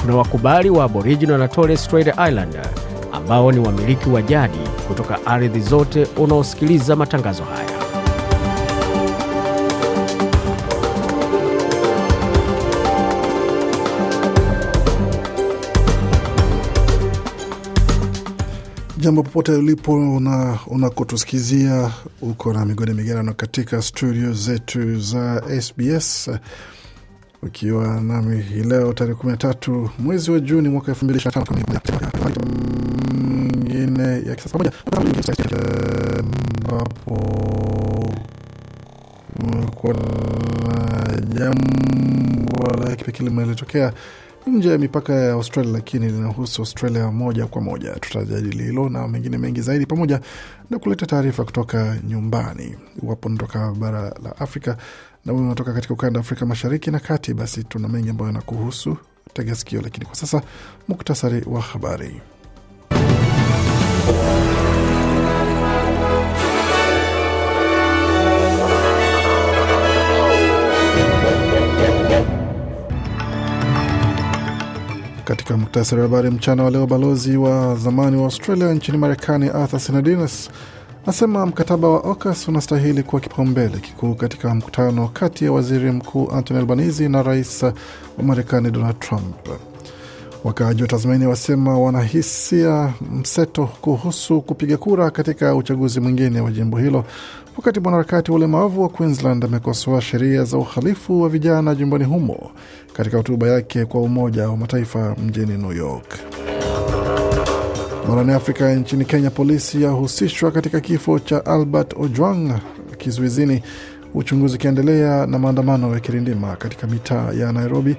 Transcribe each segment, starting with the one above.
kuna wakubali wa Aboriginal na Torres Strait Islander ambao ni wamiliki wa jadi kutoka ardhi zote unaosikiliza matangazo haya. Jambo popote ulipo na unakotusikizia, uko na migodi migerano katika studio zetu za SBS ukiwa nami hii leo tarehe kumi tatu mwezi wa Juni mwaka 2025 ingine ya kisasa pamoja ambapo kuna jambo la kipekee limelitokea nje ya mipaka ya Australia, lakini linahusu Australia moja kwa moja. Tutajadili hilo na mengine mengi zaidi, pamoja na kuleta taarifa kutoka nyumbani, iwapo natoka bara la Afrika na wewe unatoka katika ukanda wa Afrika Mashariki na Kati, basi tuna mengi ambayo yanakuhusu, tega sikio. Lakini kwa sasa muktasari wa habari. Katika muktasari wa habari mchana wa leo, balozi wa zamani wa Australia nchini Marekani Arthur Sinadinos asema mkataba wa AUKUS unastahili kuwa kipaumbele kikuu katika mkutano kati ya waziri mkuu Anthony Albanese na rais wa Marekani Donald Trump. Wakaaji wa Tasmania wasema wanahisia mseto kuhusu kupiga kura katika uchaguzi mwingine wa jimbo hilo, wakati mwanaharakati wa ulemavu wa Queensland amekosoa sheria za uhalifu wa vijana jimboni humo katika hotuba yake kwa Umoja wa Mataifa mjini New York. Barani Afrika, nchini Kenya, polisi yahusishwa katika kifo cha Albert Ojwang kizuizini, uchunguzi ukiendelea na maandamano ya kirindima katika mitaa ya Nairobi.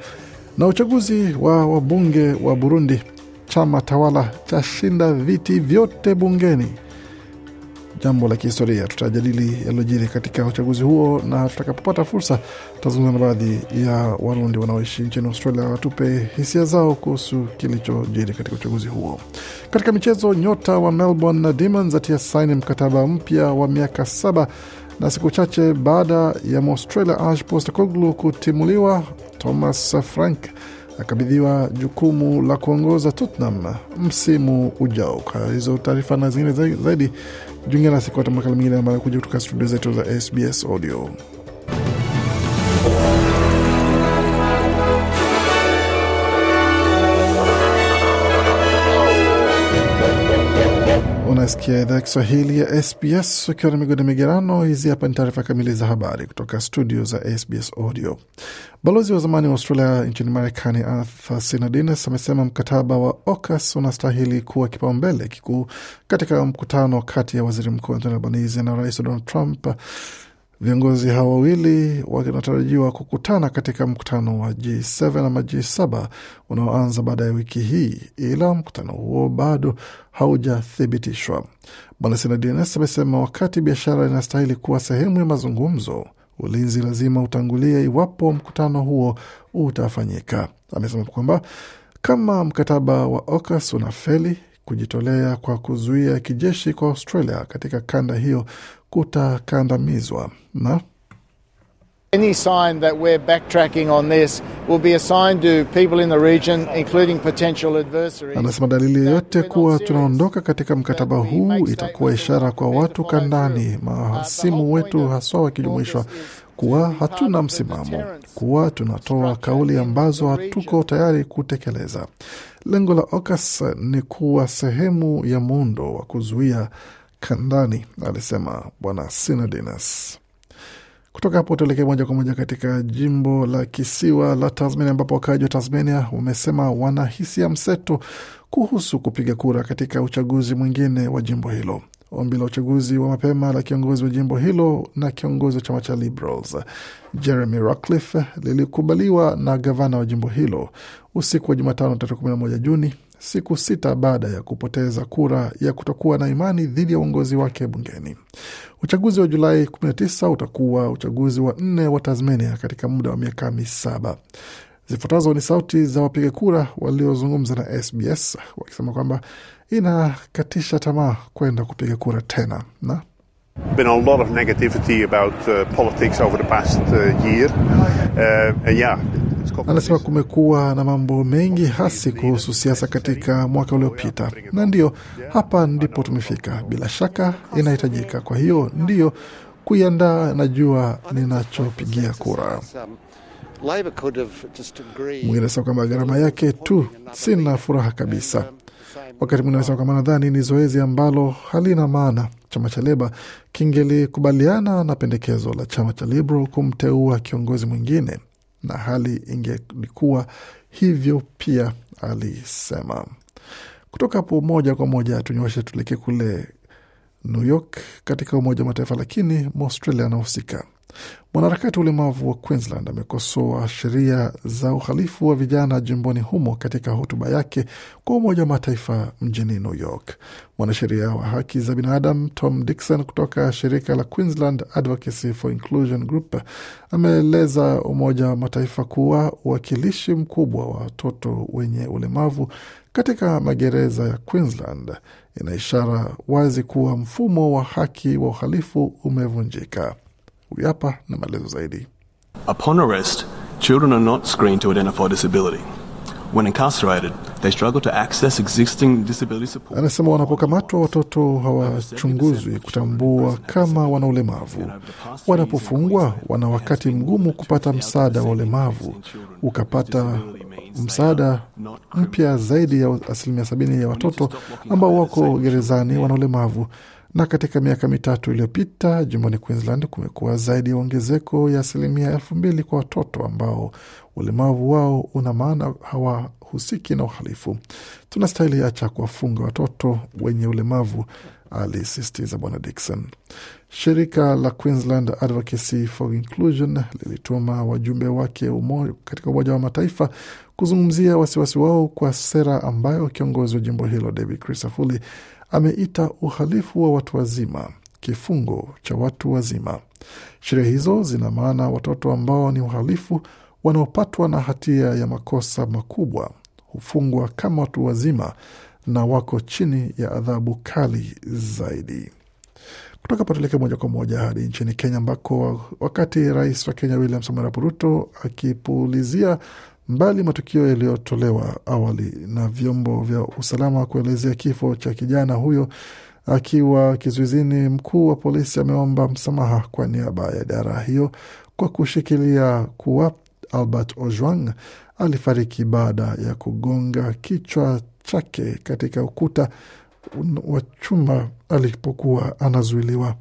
Na uchaguzi wa wabunge wa Burundi, chama tawala chashinda viti vyote bungeni jambo la kihistoria. Tutajadili yaliojiri katika uchaguzi huo, na tutakapopata fursa tutazungumza na baadhi ya Warundi wanaoishi nchini Australia watupe hisia zao kuhusu kilichojiri katika uchaguzi huo. Katika michezo, nyota wa Melbourne na Demons atia saini mkataba mpya wa miaka saba na siku chache baada ya Mwaustralia Ange Postecoglou kutimuliwa, Thomas Frank akabidhiwa jukumu la kuongoza Tottenham msimu ujao. Kwa hizo taarifa na zingine zaidi Jiunge nasi kwa makala mengine ambayo kuja kutoka studio zetu za SBS Audio. Unasikia idhaa Kiswahili ya SBS ukiwa na migodi migerano. Hizi hapa ni taarifa kamili za habari kutoka studio za SBS Audio. Balozi wa zamani wa Australia nchini Marekani Arthur Sinadines amesema mkataba wa AUKUS unastahili kuwa kipaumbele kikuu katika mkutano kati ya waziri mkuu Anthony Albanese na rais Donald Trump Viongozi hao wawili wanatarajiwa kukutana katika mkutano wa G7 ama G7 unaoanza baada ya wiki hii, ila mkutano huo bado haujathibitishwa. Bwana Sinadines amesema wakati biashara inastahili kuwa sehemu ya mazungumzo, ulinzi lazima utangulie iwapo mkutano huo utafanyika. Amesema kwamba kama mkataba wa AUKUS unafeli, kujitolea kwa kuzuia kijeshi kwa Australia katika kanda hiyo kutakandamizwa na Any sign that we're backtracking on this will be a sign to people in the region, including potential adversaries. Anasema dalili yoyote kuwa tunaondoka katika mkataba huu itakuwa ishara kwa watu kandani, uh, mahasimu wetu haswa wakijumuishwa kuwa hatuna msimamo kuwa tunatoa kauli ambazo hatuko tayari kutekeleza. Lengo la AUKUS ni kuwa sehemu ya muundo wa kuzuia kandani, alisema Bwana Sinodinos. Kutoka hapo tuelekee moja kwa moja katika jimbo la kisiwa la Tasmania ambapo wakaaji wa Tasmania wamesema wanahisia mseto kuhusu kupiga kura katika uchaguzi mwingine wa jimbo hilo ombi la uchaguzi wa mapema la kiongozi wa jimbo hilo na kiongozi wa chama cha Liberals Jeremy Ratcliffe lilikubaliwa na gavana wa jimbo hilo usiku wa Jumatano tarehe 11 Juni, siku sita baada ya kupoteza kura ya kutokuwa na imani dhidi ya uongozi wake bungeni. Uchaguzi wa Julai 19 utakuwa uchaguzi wa nne wa Tasmania katika muda wa miaka misaba. Zifuatazo ni sauti za wapiga kura waliozungumza na SBS wakisema kwamba inakatisha tamaa kwenda kupiga kura tena na been a lot of negativity about uh, politics over the past uh, year. Uh, yeah. Anasema kumekuwa na mambo mengi hasi kuhusu siasa katika mwaka uliopita, na ndio hapa ndipo tumefika. Bila shaka inahitajika, kwa hiyo ndio kuiandaa. Najua ninachopigia kura. Mwingine anasema kwamba gharama yake tu, sina furaha kabisa Wakati mwingine anasema kwamba nadhani ni zoezi ambalo halina maana. Chama cha Leba kingelikubaliana na pendekezo la chama cha Liberal kumteua kiongozi mwingine, na hali ingelikuwa hivyo pia, alisema. Kutoka hapo moja kwa moja tunyoshe tuelekee kule New York katika Umoja wa Mataifa, lakini Mwaustralia anahusika. Mwanaharakati wa ulemavu wa Queensland amekosoa sheria za uhalifu wa vijana jimboni humo katika hotuba yake kwa Umoja wa Mataifa mjini New York. Mwanasheria wa haki za binadamu Tom Dixon kutoka shirika la Queensland Advocacy for Inclusion Group ameeleza Umoja wa Mataifa kuwa uwakilishi mkubwa wa watoto wenye ulemavu katika magereza ya Queensland ina ishara wazi kuwa mfumo wa haki wa uhalifu umevunjika. Huyu hapa na maelezo zaidi. Upon arrest, children are not screened to identify disability. When incarcerated, they struggle to access existing disability support. Anasema wanapokamatwa watoto hawachunguzwi kutambua kama wana ulemavu. Wanapofungwa wana wakati mgumu kupata msaada wa ulemavu, ukapata msaada mpya zaidi ya asilimia sabini ya watoto ambao wako gerezani wana ulemavu na katika miaka mitatu iliyopita jimboni Queensland kumekuwa zaidi ya ongezeko ya asilimia elfu mbili kwa watoto ambao ulemavu wao una maana hawahusiki na uhalifu. Tunastahili acha kuwafunga watoto wenye ulemavu, alisistiza Bwana dikson Shirika la Queensland Advocacy for Inclusion lilituma wajumbe wake umo, katika Umoja wa Mataifa kuzungumzia wasiwasi wao kwa sera ambayo kiongozi wa jimbo hilo David christofuli ameita uhalifu wa watu wazima kifungo cha watu wazima. Sheria hizo zina maana watoto ambao ni uhalifu wanaopatwa na hatia ya makosa makubwa hufungwa kama watu wazima na wako chini ya adhabu kali zaidi. Kutoka Pateleke moja kwa moja hadi nchini Kenya, ambako wakati rais wa Kenya William Samoei Ruto akipulizia Mbali matukio yaliyotolewa awali na vyombo vya usalama kuelezea kifo cha kijana huyo akiwa kizuizini, mkuu wa polisi ameomba msamaha kwa niaba ya idara hiyo kwa kushikilia kuwa Albert Ojwang alifariki baada ya kugonga kichwa chake katika ukuta wa chumba alipokuwa anazuiliwa.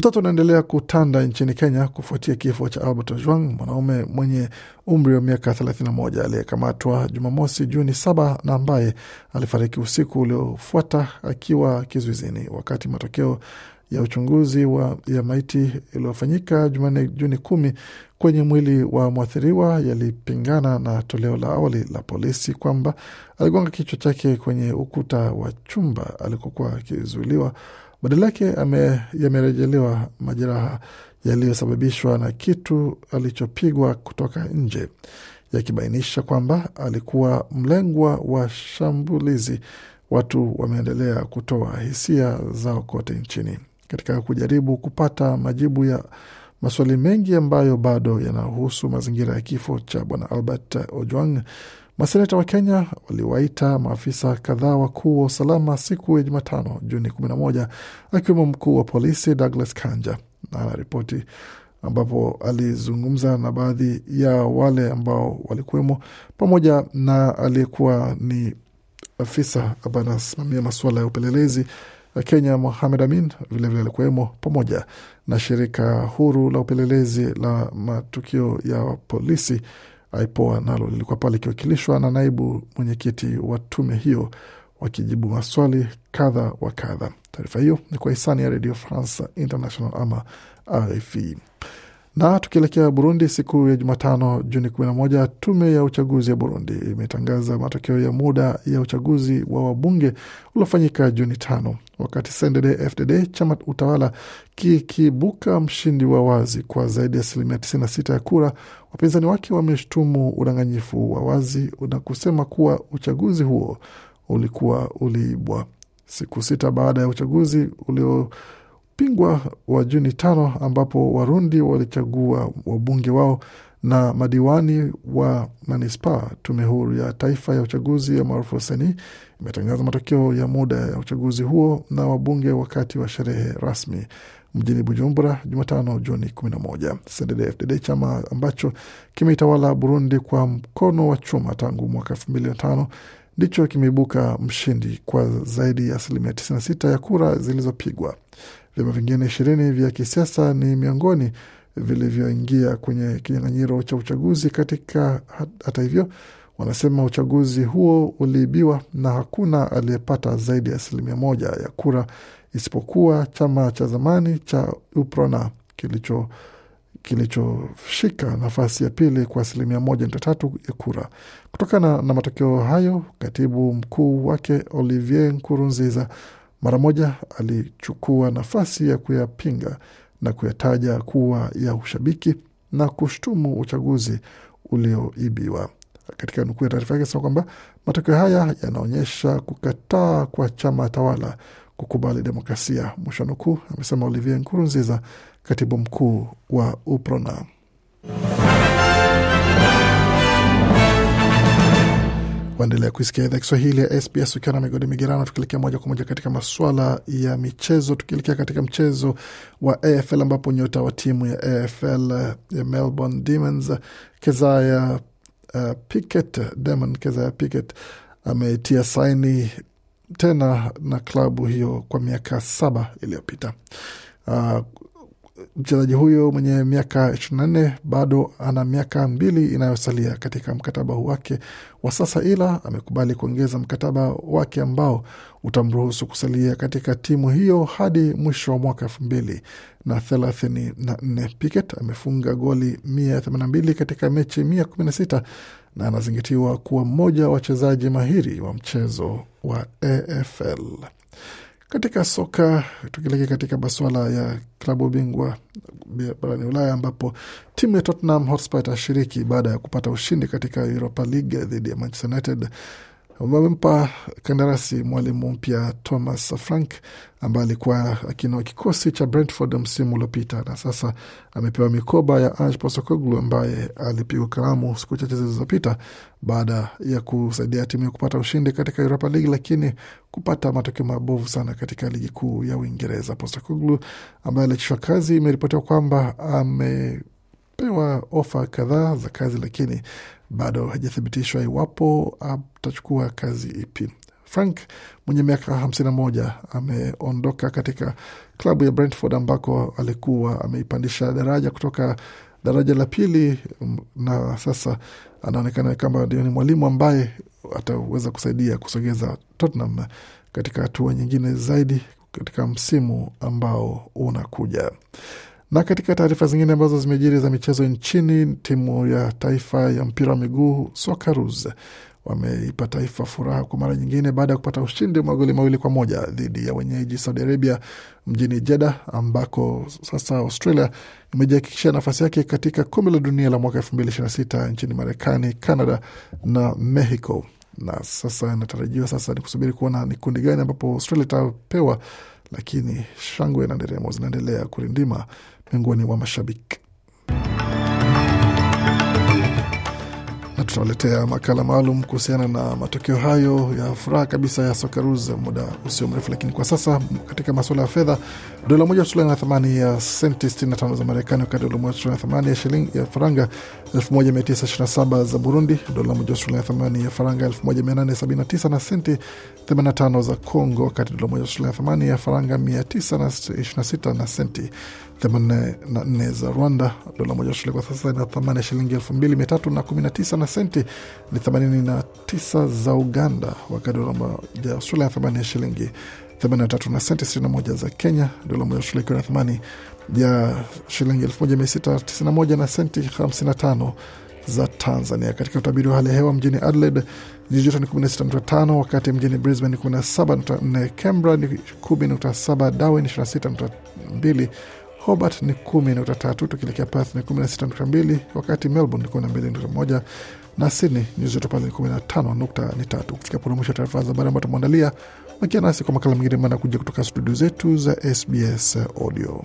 Utata unaendelea kutanda nchini Kenya kufuatia kifo cha Albert Ojwang, mwanaume mwenye umri wa miaka 31 aliyekamatwa Jumamosi Juni saba na ambaye alifariki usiku uliofuata akiwa kizuizini, wakati matokeo ya uchunguzi wa ya maiti iliyofanyika Jumanne Juni kumi kwenye mwili wa mwathiriwa yalipingana na toleo la awali la polisi kwamba aligonga kichwa chake kwenye ukuta wa chumba alikokuwa akizuiliwa badala yake yamerejelewa majeraha yaliyosababishwa na kitu alichopigwa kutoka nje, yakibainisha kwamba alikuwa mlengwa wa shambulizi. Watu wameendelea kutoa hisia zao kote nchini katika kujaribu kupata majibu ya maswali mengi ambayo bado yanahusu mazingira ya kifo cha bwana Albert ojuang Maseneta wa Kenya waliwaita maafisa kadhaa wakuu wa usalama siku ya Jumatano, Juni 11, akiwemo mkuu wa polisi Douglas Kanja na anaripoti ambapo alizungumza na baadhi ya wale ambao walikuwemo pamoja na aliyekuwa ni afisa ambaye anasimamia masuala ya upelelezi Kenya Mohamed Amin vilevile alikuwemo pamoja na shirika huru la upelelezi la matukio ya polisi IPOA nalo lilikuwa pale likiwakilishwa na naibu mwenyekiti wa tume hiyo wakijibu maswali kadha wa kadha. Taarifa hiyo ni kwa hisani ya Radio France International ama RFI. Na tukielekea Burundi, siku ya Jumatano Juni 11, tume ya uchaguzi ya Burundi imetangaza matokeo ya muda ya uchaguzi wa wabunge uliofanyika Juni tano, wakati CNDD-FDD chama utawala kikibuka mshindi wa wazi kwa zaidi ya asilimia 96 ya kura. Wapinzani wake wameshtumu udanganyifu wa wazi na kusema kuwa uchaguzi huo ulikuwa uliibwa. Siku sita baada ya uchaguzi ulio ulipingwa wa Juni tano ambapo Warundi walichagua wabunge wao na madiwani wa manispaa. Tume Huru ya Taifa ya Uchaguzi ya maarufu seni imetangaza matokeo ya muda ya uchaguzi huo na wabunge wakati wa sherehe rasmi mjini Bujumbura Jumatano, Juni 11. CNDD-FDD, chama ambacho kimeitawala Burundi kwa mkono wa chuma tangu mwaka tano ndicho kimeibuka mshindi kwa zaidi ya asilimia 96 ya kura zilizopigwa. Vyama vingine ishirini vya kisiasa ni miongoni vilivyoingia kwenye kinyang'anyiro cha uchaguzi katika. Hata hivyo, wanasema uchaguzi huo uliibiwa na hakuna aliyepata zaidi ya asilimia moja ya kura isipokuwa chama cha zamani cha UPRONA kilicho kilichoshika nafasi ya pili kwa asilimia moja nukta tatu ya kura. Kutokana na, na matokeo hayo, katibu mkuu wake Olivier Nkurunziza mara moja alichukua nafasi ya kuyapinga na kuyataja kuwa ya ushabiki na kushtumu uchaguzi ulioibiwa. Katika nukuu ya taarifa yake sema kwamba matokeo haya yanaonyesha kukataa kwa chama tawala kukubali demokrasia, mwisho wa nukuu, amesema Olivier Nkurunziza katibu mkuu wa UPRONA. Waendelea kuisikia idhaa Kiswahili ya SBS ukiwa na migodi migerano, tukielekea moja kwa moja katika masuala ya michezo, tukielekea katika mchezo wa AFL ambapo nyota wa timu ya AFL ya Melbourne Demons Kezaya uh, Pickett, Demon Kezaya Pickett ametia saini tena na klabu hiyo kwa miaka saba iliyopita. Uh, mchezaji huyo mwenye miaka 24 bado ana miaka mbili inayosalia katika mkataba wake wa sasa, ila amekubali kuongeza mkataba wake ambao utamruhusu kusalia katika timu hiyo hadi mwisho wa mwaka elfu mbili na thelathini na nne. Piquet amefunga goli 182 katika mechi 116 na anazingatiwa kuwa mmoja wa wachezaji mahiri wa mchezo wa AFL. Katika soka tukielekea katika masuala ya klabu bingwa barani Ulaya ambapo timu ya Tottenham Hotspur itashiriki baada ya kupata ushindi katika Europa League dhidi ya Manchester United wamempa kandarasi mwalimu mpya Thomas Frank ambaye alikuwa akinoa kikosi cha Brentford msimu uliopita na sasa amepewa mikoba ya Ange Postecoglou ambaye alipigwa kalamu siku chache zilizopita baada ya kusaidia timu ya kupata ushindi katika Europa League, lakini kupata matokeo mabovu sana katika ligi kuu ya Uingereza. Postecoglou ambaye aliachishwa kazi, imeripotiwa kwamba ame amepewa ofa kadhaa za kazi, lakini bado hajathibitishwa iwapo atachukua kazi ipi. Frank mwenye miaka 51 ameondoka katika klabu ya Brentford ambako alikuwa ameipandisha daraja kutoka daraja la pili, na sasa anaonekana kama ndio ni mwalimu ambaye ataweza kusaidia kusogeza Tottenham katika hatua nyingine zaidi katika msimu ambao unakuja. Na katika taarifa zingine ambazo zimejiri za michezo nchini, timu ya taifa ya mpira wa miguu Socceroos wameipa taifa furaha kwa mara nyingine baada ya kupata ushindi wa magoli mawili kwa moja dhidi ya wenyeji Saudi Arabia mjini Jeda, ambako sasa Australia imejihakikishia nafasi yake katika kombe la dunia la mwaka sita nchini Marekani, Canada na Mexico. Na sasa inatarajiwa sasa ni kusubiri kuona ni kundi gani ambapo Australia itapewa, lakini shangwe na nderemo zinaendelea kurindima miongoni mwa mashabiki. Na tutawaletea makala maalum kuhusiana na matokeo hayo ya furaha kabisa ya Socceroos muda usio mrefu. Lakini kwa sasa, katika masuala ya fedha, dola moja tulia na thamani ya senti 65 za Marekani, wakati dola moja tulia na thamani ya shilingi ya faranga 1927 za Burundi, dola moja tulia na thamani ya faranga 1879 na senti 85 za Congo, wakati dola moja tulia na thamani ya faranga 926 na senti 84 za Rwanda. Dola moja shule kwa sasa ina thamani ya shilingi 2319 na senti ni 89 za Uganda, wakati dola moja Australia ina thamani ya shilingi 83 na senti 61 za Kenya, dola moja Australia ikiwa na thamani ya shilingi 1691 na senti 55 za Tanzania. Katika utabiri wa hali ya hewa mjini Adelaide nyuzi joto ni 16.5, wakati mjini Brisbane ni 17.4, Canberra ni 10.7, Darwin 26.2 Hobart ni 10.3, tukielekea Perth ni 16.2, wakati Melbourne ni 12.1 na Sydney nyuzi joto pale ni 15.3. Kufikia pona mwisho taarifa za habari ambayo tumeandalia. makia nasi kwa makala mengine maana kuja kutoka studio zetu za SBS Audio.